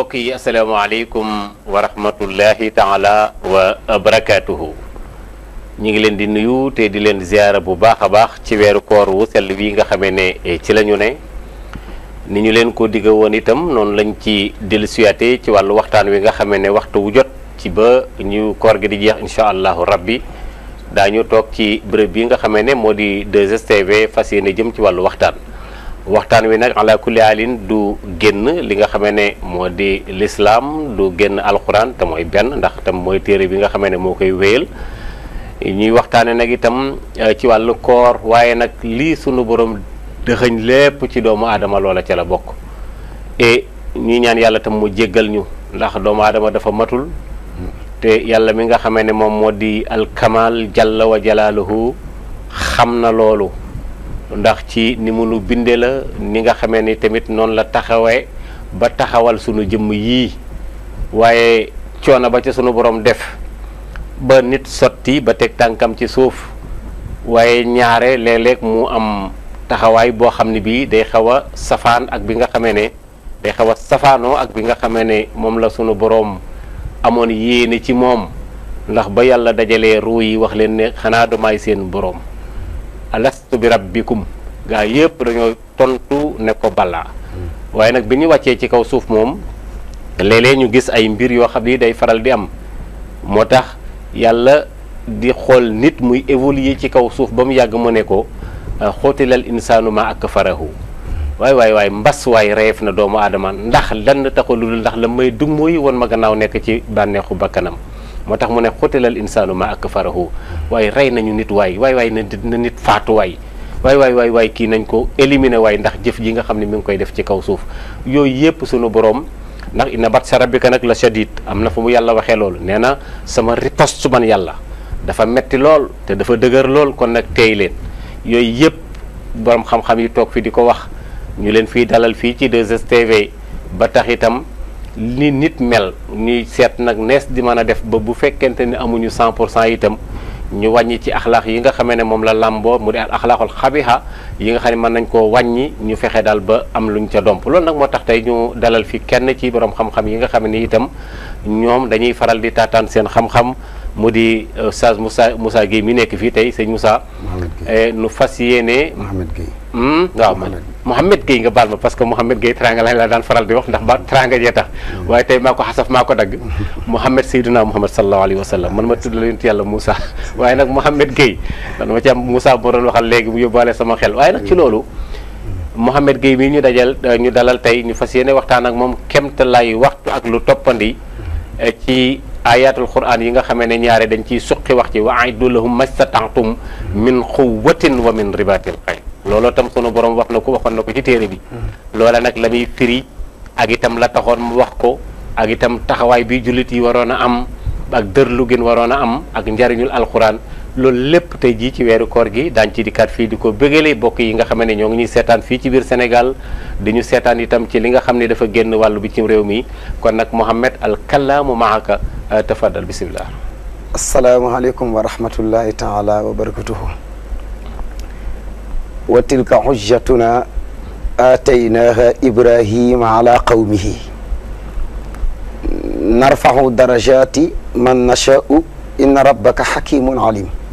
mbokk yi asalaamaaleykum wa rahmatullahi taala wa barakaatuhu ñu ngi leen di nuyu te di leen ziyaara bu baax a baax ci weeru koor wu sell bii nga xamee ne eh, ci la ñu ne ni ñu leen ko digg woon itam noonu lañ ci dellusiwaate ci wàllu waxtaan wi nga xamee ne waxtu wu jot ci ba ñu koor gi di jeex incha allahu rabbi daañu toog ci bërëb bi nga xamee ne moo di 2STV fas yéene jëm ci wàllu waxtaan waxtaan wi nag ala kulli du génn li nga xamee ne moo di lislaam du génn alxuraan te mooy benn ndax tam mooy téere bi nga xamee ne moo koy wéyal ñuy waxtaane nag itam euh, ci wàllu koor waaye nag lii sunu borom dëxëñ lépp ci doomu aadama loola ca la bokk et ñuy ñaan yàlla tam mu jéggal ñu ndax doomu aadama dafa matul te yàlla mi nga xame ne moom moo di alkamal jalla wa jalaaluhu xam na loolu ndax ci ni mu nu binde la ni nga xamee ni tamit noonu la taxawee ba taxawal sunu jëmm yii waaye coono ba ca sunu borom def ba nit sotti ba teg tànkam ci suuf waaye ñaare léeg-léeg mu am taxawaay boo xam ne bii day xaw a safaan ak bi nga xamee ne day xaw a safaanoo ak bi nga xamee ne moom la sunu borom amoon yéene ci moom ndax ba yàlla dajalee ruu yi wax leen ne xanaa damay seen borom. alastu bi rabbikum gaa yëpp dañoo tontu ne ko balaa waaye nag bi ñu wàccee ci kaw suuf moom léeg ñu gis ay mbir yoo xam yi day faral di am moo tax yàlla di xool nit muy évoluer ci kaw suuf ba mu yàgg mu ne ko ah, xootilal insaanu ma ak farahu waay waaye waaye mbas waay reef na doomu aadama ndax lan taxul lu dul ndax la may dugg mooy woon ma gannaaw nekk ci bànneexu bàkkanam moo tax mu ne xutilal insaanu ma ak farahu waaye rey nañu nit waay waay waay na nit faatu waay waay waay waay kii nañ ko éliminer waay ndax jëf ji nga xam ne mu ngi koy def ci kaw suuf yooyu yëpp sunu boroom ndax inna batsa rabbika nag la shadid am na fu mu yàlla waxee loolu nee na sama riposte man yàlla dafa metti lool te dafa dëgër lool kon nag teey leen yooyu yëpp borom xam-xam yi toog fi di ko wax ñu leen fii dalal fii ci 2STV ba tax itam ni nit mel ñuy seet nag nees di mën a def ba bu fekkente ni amuñu cent pour cent itam ñu wàññi ci axlaax yi nga xamee ne moom la làmboo mu di al axlaaxul xabiha yi nga xam ne mën nañ koo wàññi ñu fexe daal ba am lu luñ ca domp loolu nag moo tax tey ñu dalal fi kenn ci borom xam-xam yi nga xam ne itam ñoom dañuy faral di taataan seen xam-xam mu di euh, Oustaz Moussa Moussa Guèye mi nekk fii tey sëñ Moussa. Eh, nu fas yéene. Mouhamed Guèye. Hmm? waaw Mouhamed Guèye nga baal ma parce que Mouhamed Guèye teraanga lañ la daan faral di wax ndax ba teraanga jee tax. Hmm. waaye tey maa ko xasaf maa ko dagg. Mouhamed Seydina Mouhamed sallallahu alayhi wa sallam man ma tudd la yonent yàlla Moussa waaye nag Mouhamed Guèye man ma ci am Moussa moo doon waxal léegi mu yóbbaale sama xel waaye nag ci loolu. Hmm. Mouhamed Guèye mii ñu dajal euh, ñu dalal tey ñu fas yéene waxtaan ak moom kéemtalaay waxtu ak lu toppandi euh, ci ayatul quran yi nga xamee ne ñaare dañ ciy suqi wax ci wa aiddu lahum mastata'tum min quwwatin wa min ribatil xayl looloo tam sunu boroom wax na ko waxoon na ko ci téere bi loola nag la muy firi ak itam la taxoon mu wax ko ak itam taxawaay bi jullit yi waroon a am ak dërlu gën waroon a am ak njariñul alquran loolu lépp tey jii ci weeru koor gi daañ ci dikkaat fii di ko bëggale bokk yi nga xam ne ñoo ngi ñuy seetaan fii ci biir Sénégal di ñu seetaan itam ci li nga xam ne dafa génn wàllu bi ci réew mi kon nag Mouhamed al kalaamu maaka euh, tafadal bisimilah. asalaamaaleykum wa rahmatullahi taala wa barakatuhu wa tilka xujjatuna aataynaha ibrahima ala qawmihi narfaxu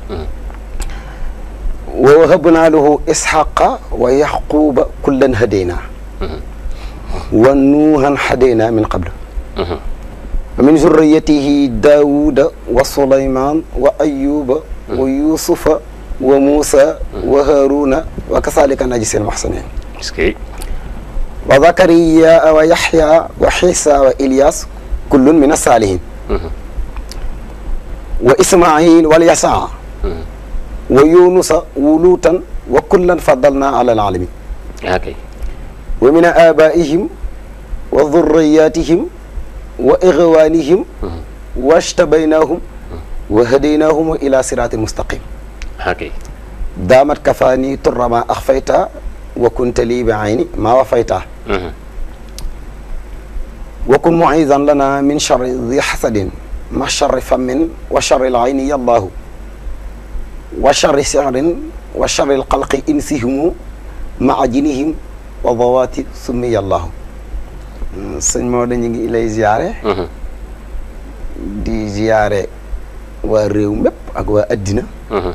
wa wahabnaa lahu isxaqa wa yaxquuba kullan hadaynaa wa nuuhan hadaynaa min qablu wa min zurriyatihi daawuda wa sulaymaan wa ayuba wa yusufa wa muusa wa haaruna wa kazaalika najzil muhsiniin wa zakariya wa yaxya wa xiisa wa ilyaas kullun min asaalihin mhm. wa ismail wal yasaa Hmm. wa yunusa wuluutan wa kullan faddalna ala alaalamin ok wa min abaihim wa dhurriyatihim wa ixwanihim hmm. wa ashtabaynahum hmm. wa hadaynahum ila siraatin mustaqim ok daamat kafaani turrama axfayta wa kunta lii bi ayni maa wafayta wa kun muidan lana min charri di xasadin ma charri fammin wa charri l ayni yallaahu wa charri sirin wa charri alxalqi insihimu maa jinihim wa dawaati summi yàllaahu sëñ Maodo ñu ngi lay ziyaare mhm. di ziyaare waa réew mépp ak waa addina mhm.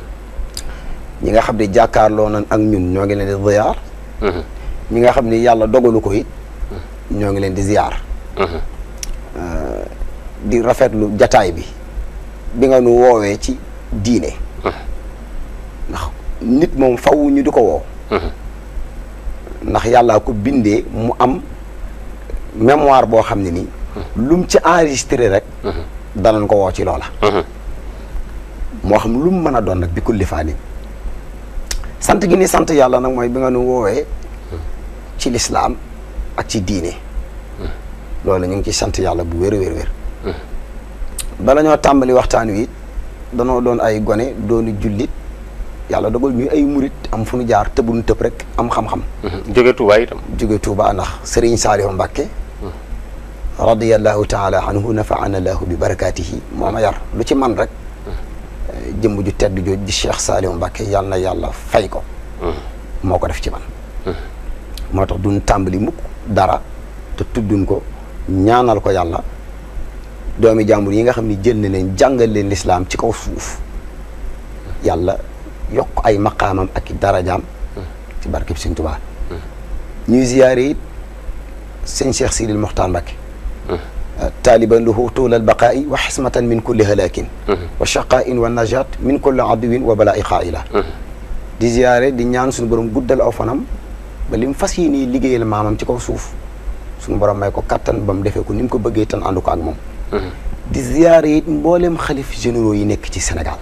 ñi nga xam ne jàkkaarloo nan ak ñun ñoo ngi leen di ziyaar mhm. ñi nga xam ne yàlla dogalu ko it ñoo ngi leen di ziyaar di rafetlu jataay bi bi nga nu woowee ci diine ndax nit moom faw ñu di ko woo mhm. ndax yàllaa ko bindee mu am mémoire boo xam ne nii mhm. lum ci enregistré rek mhm. danañ ko woo ci loola moo xam lu mu mën a doon nag bi kulli faani sant gi ni sant yàlla nag mooy bi nga nu woowee ci lislaam ak ci diine loolu ñu ngi ci sant yàlla bu wér wér wér bala ñoo tàmbali waxtaan wi danoo doon ay gone doonu jullit yàlla dogal ñuy ay murit am fu ñu jaar tëbuñu tëb rek am xam-xam. Mhm. jóge Touba itam. jóge Touba ndax Serigne Saliou Mbacké. Mhm. radiyallahu taala anhu nafaana lahu bi barakaatihi moo ma yar lu ci man rek. Mhm. Eh, jëmm ju tedd jooj di Cheikh Saliou Mbacké na yàlla fay ko. moo ko def ci man. moo tax duñ tàmbali mukk dara te tudduñ ko ñaanal ko yàlla doomi jàmbur yi nga xam ni jël na leen jàngal leen lislaam ci kaw suuf yàlla. yokk ay maqaamam ak i darajaam hmm. ci barkeb Sëñ Tuubaa ñuy ziyaare it sëñ Cheikh Sidil Moxtaar Mbakke hmm. euh, taaliban lahu tuula albaqaa'i wa xismatan min kulli halaakin hmm. wa shaqaa'in wa najaat min kulli aduwin wa balaa'i xaa'ila di ziyaare di ñaan suñu borom guddal aw fanam ba lim fas yi nii liggéeyal maamam ci kaw suuf suñu borom may ko kattan ba mu defee ko ni mu ko bëggee tan àndu ko ak moom di ziyaare it mboolem xalif généraux yi nekk ci senegal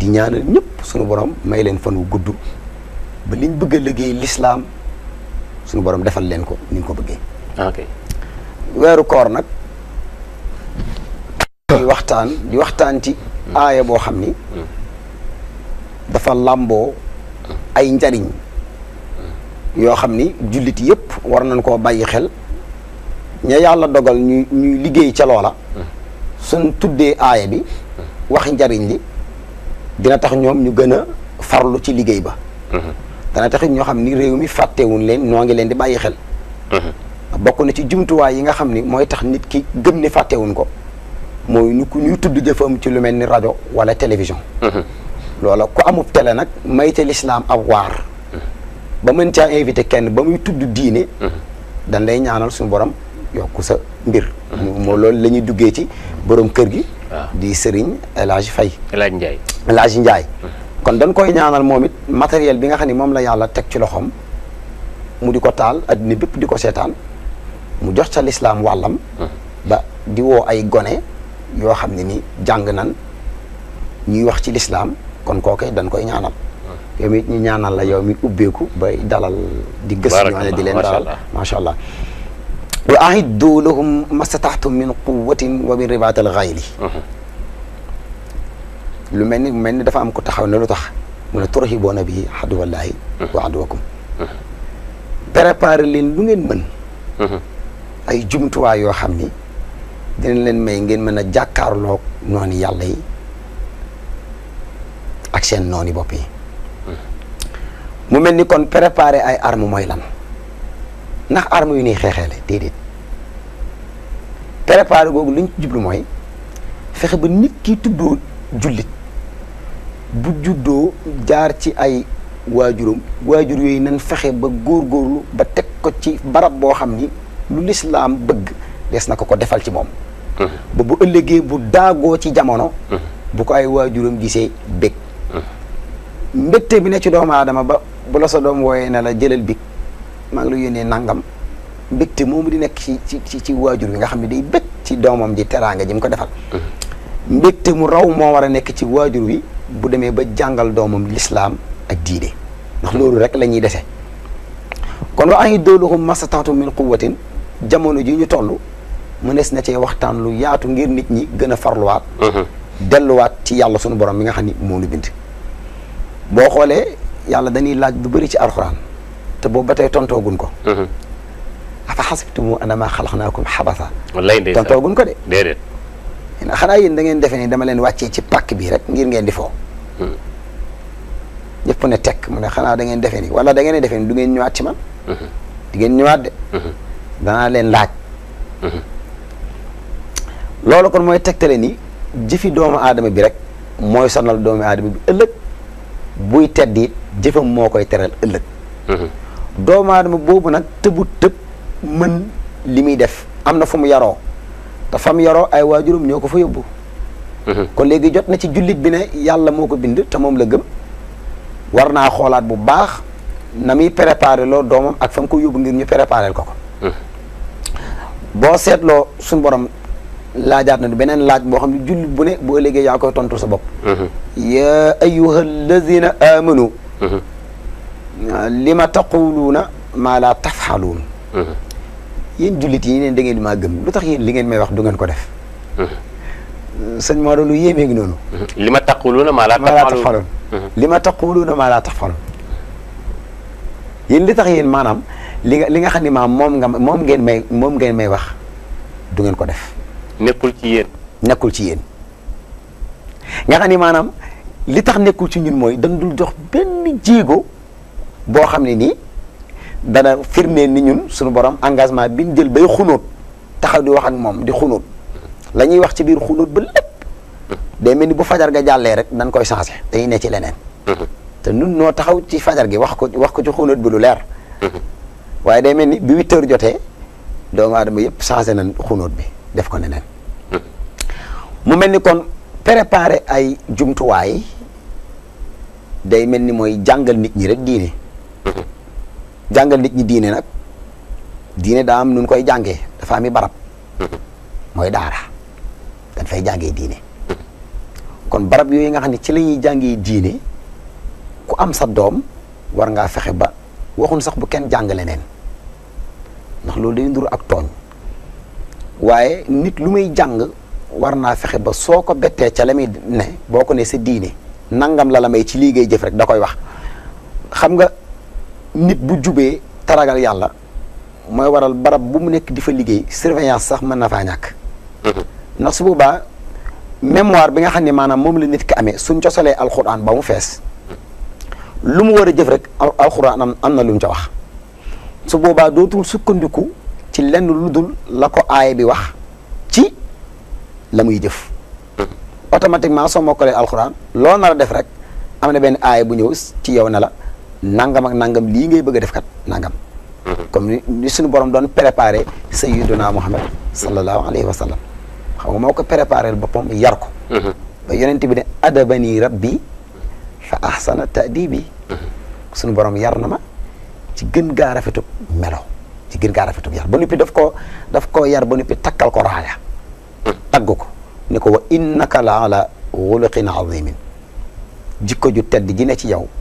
di ñaanal ñëpp suñu borom may leen fan wu gudd ba liñ bëgg liggéey lislaam suñu borom defal leen ko ni ko bëggee. ok weeru koor nag. di waxtaan di waxtaan ci aaya boo xam ni. dafa làmboo ay njariñ yoo xam ni jullit yépp war nañ koo bàyyi xel ña yàlla dogal ñu ñuy liggéey ca loola. tuddee aaya bi wax njariñ li. dina tax ñoom ñu gën a farlu ci liggéey ba mhm. dana tax ñoo xam ni réew mi fàttewuñ leen noo ngi leen di bàyyi xel mhm. bokk na ci jumtuwaay yi nga xam ni mooy tax nit ki gëm ni fàttewuñ ko mooy ñu ku ñuy tudd jëfam ci lu mel ni rajo wala télévision mhm. loola ku amub tele nag mayte lislaam ab waar ba mën caa invité kenn ba muy tudd diine dañ lay ñaanal suñ borom yokku sa mbir moo loolu lañuy duggee ci borom kër gi di Serigne El Hadj Faye. El Hadj Ndiaye kon dañ koy ñaanal moom it matériel bi nga xam ne moom la yàlla teg ci loxoom mu di ko taal adduna bépp di ko seetaan mu jox ca lislaam wàllam. ba di woo ay gone yoo xam ne ni jàng nan ñuy wax ci lislaam kon kooke dan koy ñaanal. yow ñu ñaanal la yow mi ubbeeku bay dalal di gës ñoo ne di leen dalal macha allah wa ahiddu lahum mastataatum min quwatin wa min ribatal xayli lu mel ni mel ni dafa am ko taxaw ne lu tax mu ne turhiboona bi aduwallaahi wa aduwakum préparé leen lu ngeen mën ay jumtuwaay yoo xam ni dinañ leen may ngeen mën a jàkkaarloog noonu yàlla yi ak seen noonu bopp yi mu mel ni kon préparé ay arme mooy lan ndax arme yu ñuy xeexeele déedéet préparé googu li ñu jublu mooy fexe ba nit ki tuddoo jullit bu juddoo jaar ci ay waajuram waajur yooyu nañ fexe ba góor góorgóorlu ba teg ko ci barab boo xam ni lu lislaam bëgg des na ko ko defal ci moom mm-hmm. ba bu ëllëgee bu daagoo ci jamono mm-hmm. bu ko ay waajuram gisee bég mm-hmm. mbégte bi ne ci doomu aadama ba bu la sa doom wooyee na la jëlal big maa ngi la yónnee nangam mbégte moom di nekk ci ci ci waajur bi nga xam ne day bég ci doomam ji teraanga ji mu ko defal mm-hmm. mbégte mu raw moo war a nekk ci waajur wi bu demee ba jàngal doomam lislaam ak diine ndax loolu rek la ñuy dese kon wa a'iddu lahum mastata'tum min quwwatin jamono ji ñu toll mënees na cee waxtaan lu yaatu ngir nit ñi gën a farluwaat mm-hmm. delluwaat ci yàlla sunu borom mi nga xam ni moo nu bind boo xoolee yàlla dañuy laaj bu bëri ci alxuraan te boobu ba tey tontoogun ko mm-hmm. afa xasibtumu anama xalaxnaakum xabasa tontooguñ ko de déedéet xanaa yéen da ngeen defe ni dama leen wàccee ci pàkk bi rek ngir ngeen di foo ñëpp ne tekk mu xanaa da ngeen defe ni wala da ngeen defe ni du ngeen ñëwaat ci man di ngeen ñëwaat de danaa leen laaj loolu kon mooy tegtale ni jëfi doomu aadama bi rek mooy sonal doomu aadama bi ëllëg buy tedd it jëfam moo koy teral ëllëg doomu aadama boobu nag tëbu tëb mën li muy def am na fu mu yaroo te fa mu yaroo ay waajuram ñoo ko fa yóbbu mhm. kon léegi jot na ci jullit bi na yàlla moo ko bind te moom la gëm war naa xoolaat bu baax na muy préparé loo doomam ak fa ko yóbbu ngir ñu préparé ko ko mhm. boo seetloo suñu borom laajaat na beneen laaj boo xam ne jullit bu ne boo léegi yaa koy tontu sa bopp mhm. yaa ayyuha allazina amanu lima taquluuna maa laa tafxaluun yéen jullit yi neen da ngeen maa gëm lu tax yéen li ngeen may wax du ngeen ko def. sëñ Maodo lu yéemee ngi noonu. li ma taquluuna maa laa tafaloon mhm. li ma taquluuna maa laa tafaloon yéen li tax yéen maanaam li nga li nga xam ne maam moom nga moom ngeen may moom ngeen may wax du ngeen ko def. nekkul ci yéen. nekkul ci yéen nga xam ne maanaam li tax nekkul ci ñun mooy dañ dul jox benn jéego boo xam ne nii. dana firmee ni ñun suñu borom engagement bi jël bay xunóot taxaw di wax ak moom di xunóot la ñuy wax ci biir xunóot ba lépp day mel ni bu fajar ga jàllee rek dañ koy changé dañuy ne ci leneen mm-hmm. te nun noo taxaw ci fajar gi wax ko wax ko ci xunóot bi lu leer mm-hmm. waaye day mel ni bi huit jotee doomu aadama yëpp changé nañ xunóot bi def ko neneen mm-hmm. mu mel ni kon préparer ay jumtuwaay day mel ni mooy jàngal nit ñi rek diine jàngal nit ñi diine nag diine daa am nun koy jàngee dafa ami barab mm-hmm. mooy daara dañ fay jàngee diine kon barab yooyu nga xam ne ci la jànge jàngee diine ku am sa doom war ngaa fexe ba waxun sax bu kenn jàngale neen ndax loolu day ndur ak tooñ waaye nit lu muy jàng war naa fexe ba soo ko bettee ca la ne boo ko ne sa diine nangam la la may ci lii ngay jëf rek da koy wax nit bu jubee taragal yàlla mooy waral barab bu mu nekk di fa liggéey surveillance sax mën na faa ñàkk. Mhm. ndax su boobaa mémoire bi nga xam ne maanaam moom la nit ki amee suñ cosalee alxuraan ba mu fees. lu mu war a jëf rek alxuraan am na lu mu ca wax su boobaa dootul sukkandiku ci lenn dul la ko aaya bi wax ci la muy jëf. Mhm. automatiquement soo mokkalee alxuraan loo nar a def rek am na benn aaya bu ñëw ci yow ne la. nangam ak nangam lii ngay bëgg a def kat nangam. Mm-hmm. comme ni suñu borom doon préparé sayyiduna Muhammad sallallahu alayhi wa sallam xam nga moo ko préparé boppam yar ko. Mm-hmm. ba yonent bi ne adabani rabbi fa ahsana ta'dibi mm-hmm. suñu borom yar na ma ci gën gaa rafetub melo ci gën gaa rafetub yar ba noppi daf ko daf koo yar ba noppi takkal ko raaya. tagg ko ne ko wa innaka la ala xuluqin azimin jikko ju tedd ji ne ci yow.